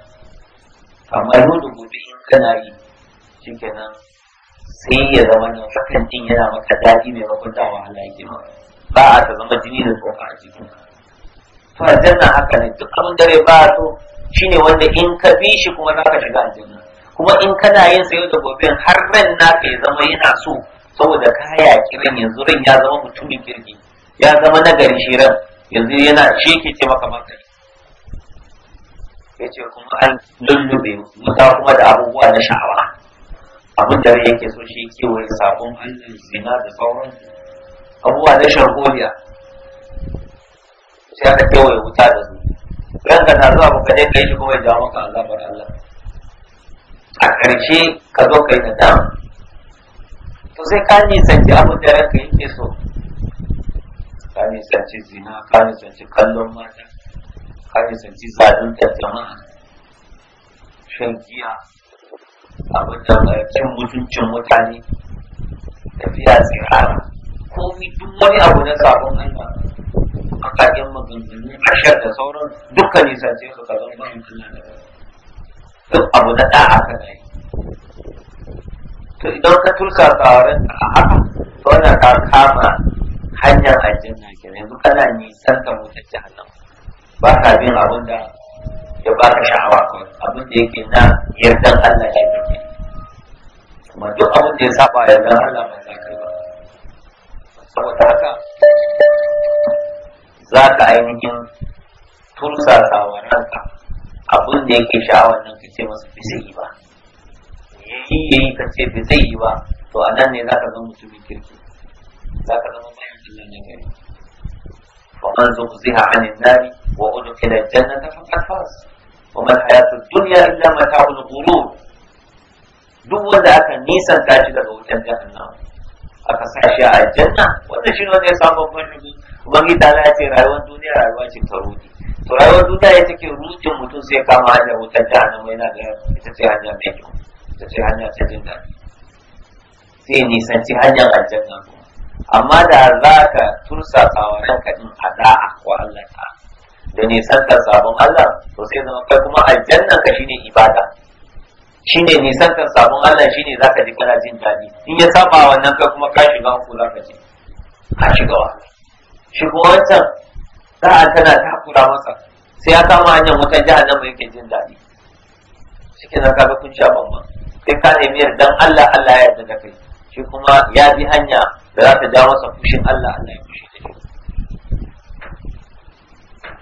amma yau da gobe in kana yi shi kenan sai ya zama ne hakan din yana maka daɗi mai makunta wahala yake ma, ba a ta zama jini da tsoka a jikin to janna haka ne duk abin dare ba to shine wanda in ka bi shi kuma za ka shiga a janna, kuma in kana yin sayo da gobe har ran naka ya zama yana so saboda ka haya kiran yanzu ran ya zama mutumin kirki ya zama nagari shi ran yanzu yana shi yake ce maka maka ya ce kuma an lullube wuta kuma da abubuwa na sha'awa abin da yake so shi kewaye sabon allah zina da sauran abubuwa na sharholiya sai aka kewaye wuta da su ka na zuwa ba ka je kai shi kuma ya jawo maka azabar allah a ƙarshe ka zo kai na dama to sai ka nisanci abin da ranka yake so ka nisanci zina ka nisanci kallon mata ka nisanci zalunta jama'a shan giya abin da cin mutuncin mutane tafiya tsirara komi duk wani abu na sabon Allah makakin maganganu harshen da sauran dukkan nisace su ka zama mutum na da duk abu na ɗaya aka na yi to idan ka tursa tsawarin a haka to wannan ka kama hanyar ajiyar na kenan yanzu kana nisan ka mutunci hannan ba ka bin abin da ya baka sha'awa to abin da yake na yardan Allah ya yi kuma duk abin da ya saba yardan Allah mai za ba saboda haka za ka ainihin tursasa wa ranka abin da yake sha'awar nan ce masa bai zai yi ba yi ka kace bai zai yi ba to a nan ne za ka zama mutumin kirki za ka zama bayan Allah na gari فأنزل زغزها عن النار وأدخل الجنة فقد فاز wa man hayatud dunya illa mata'ul ghurur duk wanda aka nisan tashi daga wutan jahannam aka sa shi a aljanna wannan shi wanda ya samu babban kuma ubangiji ta ya ce rayuwar duniya rayuwa ce ta to rayuwar duniya ita ke rujin mutum sai kama hanyar wutan jahannam yana da ita ce hanya mai kyau ita ce hanya ta jin daɗi sai nisanci hanyar aljanna amma da za ka tursa tsawaran ranka din da'a wa Allah ta'ala da nisantar sabon Allah to sai zama kai kuma aljannan ka shine ibada shine nisantar sabon Allah shine zaka ji kana jin daɗi in ya saba wannan kai kuma ka shiga ku zaka ji ka shiga wa shi kuma wancan a tana ta takura masa sai ya kama hanyar wutan jahannama yake jin daɗi cikin zaka ga kun sha bamban kai ka nemi yardan Allah Allah ya yarda da kai shi kuma ya bi hanya da za ta ja masa fushin Allah Allah ya fushi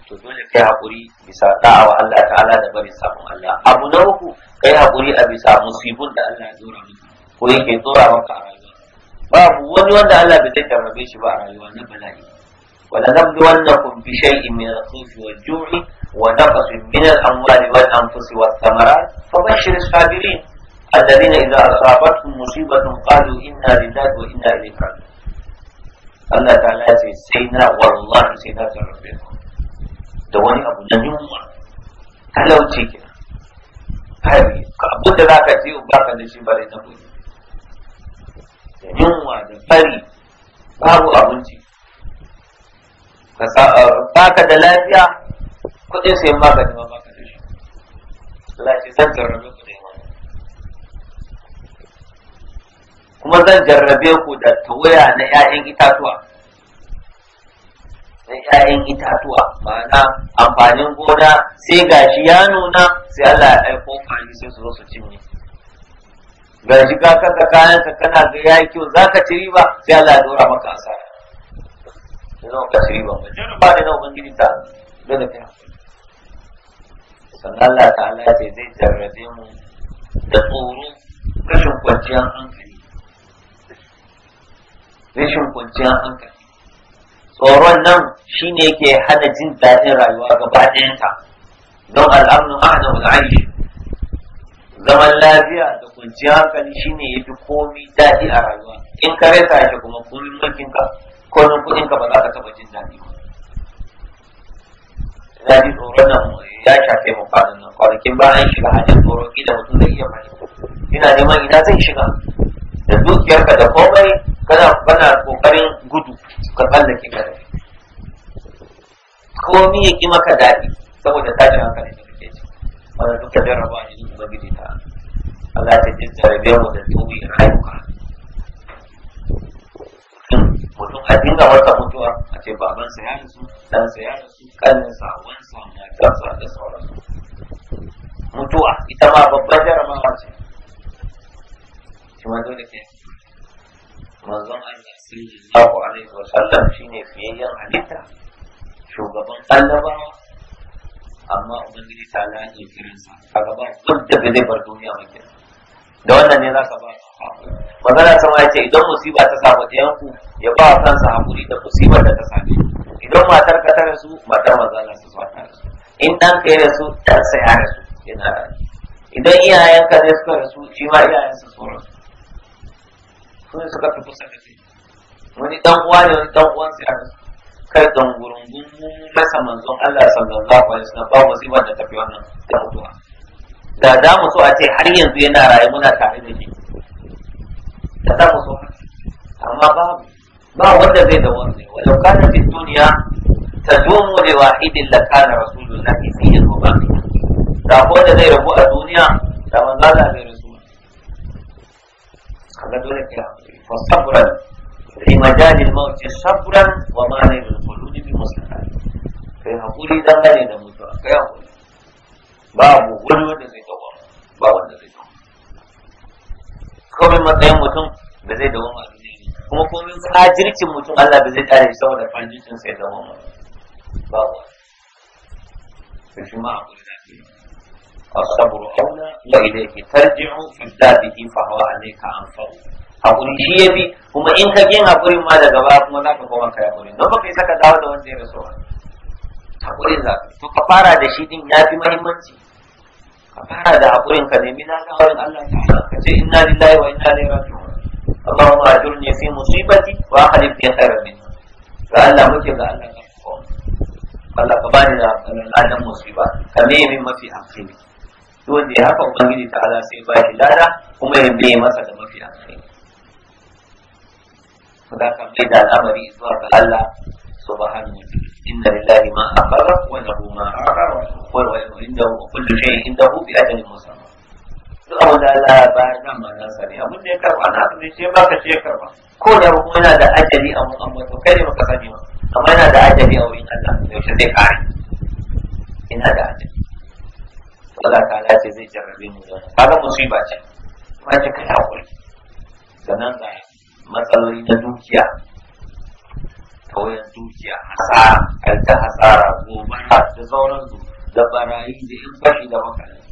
to dole kai hakuri bisa da'awa Allah ta'ala da bari samun Allah abu na uku kai hakuri a bisa musibin da Allah ya zura maka ko yake zura maka a rayuwa babu wani wanda Allah bai zai rabe shi ba a rayuwa na bala'i wala nabdu nabluwannakum bi shay'in min al-khawfi al jui wa naqsin min al-amwali wal-anfusi wath-thamarat bashir as-sabirin alladhina idha الذين إذا أصابتهم مصيبة قالوا إنا لله وإنا إليه sai الله تعالى سيدنا والله سيدنا ربكم da wani abu na yunwa talauci ke fari ka abu da za ka ce ba ka da shi bare na kudi da yunwa da fari babu abinci Baka da lafiya kuɗin sai magani ma ba ka da shi Allah ce zan jarrabe ku da yawa kuma zan jarrabe ku da tawaya na 'ya'yan itatuwa da 'ya'yan itatuwa ma'ana amfanin gona sai gashi ya nuna sai Allah ya aiko kwari sai su zo su cinye gashi ka kaka kayan ka kana ga ya kyau zaka ci riba sai Allah ya dora maka asara yanzu ka ci riba ba ba da na ubangiji ta dole ka sannan Allah ta'ala ya ce zai jarrabe mu da tsoro rashin kwanciyar hankali rashin kwanciyar hankali tsoron nan shine ke hana jin daɗin rayuwa gaba ɗayanta don al'amnu ma'ana wani aishi. zaman lafiya da kwanciyar hankali shine yafi komai daɗi a rayuwa in ka rasa shi kuma komai mulkin ka komai kuɗin ka ba za ka taɓa jin daɗi ba ina ji tsoron nan ya shafe mu kwanan nan kwanakin ba an shiga hanyar tsoro da mutum zai iya fahimta ina neman ina zai shiga da dukiyarka da komai kana kana kokarin gudu ka tsallake ka komi ya ki maka daɗi saboda tashin hankali da kake ci wanda duka rabuwa ne duk ubangiji ta Allah ta ce jarabe mu da tobi a rayuwa mutum a dinga wata mutuwa a ce babansa ya rasu sa ya rasu ƙaninsa wansa matarsa da sauransu mutuwa ita ma babbar jarabawa ce shi ma dole ke manzon Allah sallallahu alaihi wa sallam shine fiyayyen halitta shugaban annabawa amma ubangiji ta laje kiransa a gaba duk da bai bar duniya ba kira da wannan ne zaka ba magana sama ya ce idan musiba ta samu yanku, ya ba kansa hakuri da musibar da ta same idan matar ka ta rasu matar manzon Allah sallallahu alaihi wa sallam in dan ka ya su dan sai ya rasu yana idan iyayenka ne suka rasu shi ma iyayensa su rasu su suka fi kusa da wani dan uwa ne wani dan uwan sai kai don gurungun masa manzon Allah sallallahu alaihi wasallam ba musibar da tafi wannan da mutuwa da za mu so a ce har yanzu yana raye muna tare da shi da za mu so amma ba ba wanda zai da wani wa law kana fi dunya tadumu li wahidin la kana rasulullahi sallallahu alaihi wasallam da ko da zai rabu a duniya da manzon Allah ka dole ka wa sabran fi majalil mawt wa ma la yulqulu bi muslima kai hakuri dan gane da mutuwa kai hakuri babu wani wanda zai dawo ba wanda zai dawo komai matsayin mutum da zai dawo a duniya kuma komai fajircin mutum Allah ba zai tare saboda fajircin sai dawo ba ba shi ma فالصبر أولى وإليه ترجع في ذاته فهو عليك أنفر hakuri shi ya fi kuma in ka yin hakurin ma daga baya kuma za ka koma ka hakuri don ba ka isa ka dawo da wanda ya rasu ba hakurin za ka to ka fara da shi din ya fi mahimmanci ka fara da hakurin ka nemi na ga wurin Allah ta'ala ka ce inna lillahi wa inna ilaihi raji'un Allahumma ajurni fi musibati wa akhlif bi khairin muke ga Allah ka bani da ka nemi mafi alkhairi duk wanda ya haka ubangiji ta ala sai ba shi lada kuma ya biye masa da mafi alkhairi da ka mai da al'amari zuwa ga Allah subhanahu wa ta'ala inna lillahi ma aqarra wa lahu ma aqarra wa huwa indahu kullu shay'in indahu bi ajalin musamma duk abin da Allah ya bayar nan ma nasa ne abin da ya karba na abin da ya baka shi ya karba ko da kuma yana da ajali a musamman to kai ne baka sani ba amma yana da ajali a wurin Allah yaushe zai kare ina da ajali Allah ta'ala ce zai jarrabe mu da kaga musiba ce kuma ce Ka hakuri sannan ga matsaloli na dukiya kauyen dukiya hasara alta hasara gobara da sauransu da barayi da yan fashi da makarai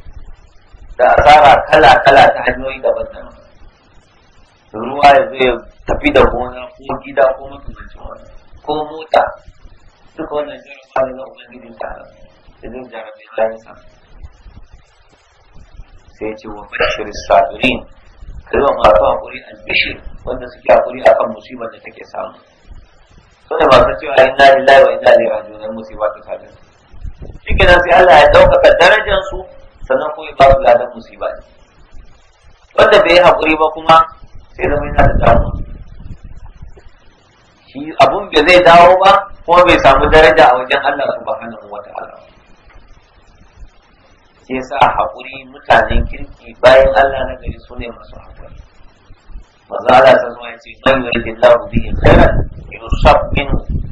da asara kala kala ta hanyoyi daban-daban ruwa ya zo ya tafi da gona ko gida ko makamancin wani ko mota duka wannan jarabawa na ubangijin ta da zai jarabe yi sa sai ce wa bashir sabirin kai wa masu hakuri albishir wanda suke hakuri akan musibar da take samu so da masu cewa inna lillahi wa inna ilaihi raji'un dan musiba ta shi ke nan sai Allah ya daukaka darajar su sannan kuma ya ba su ladan musiba ne wanda bai hakuri ba kuma sai zama yana da damu shi abun bai zai dawo ba kuma bai samu daraja a wajen Allah subhanahu wa sa sa haƙuri mutanen kirki bayan Allah na gari su ne masu haƙuri manzo Allah ta zama ya ce man yuridillahu bihi khairan yursab min.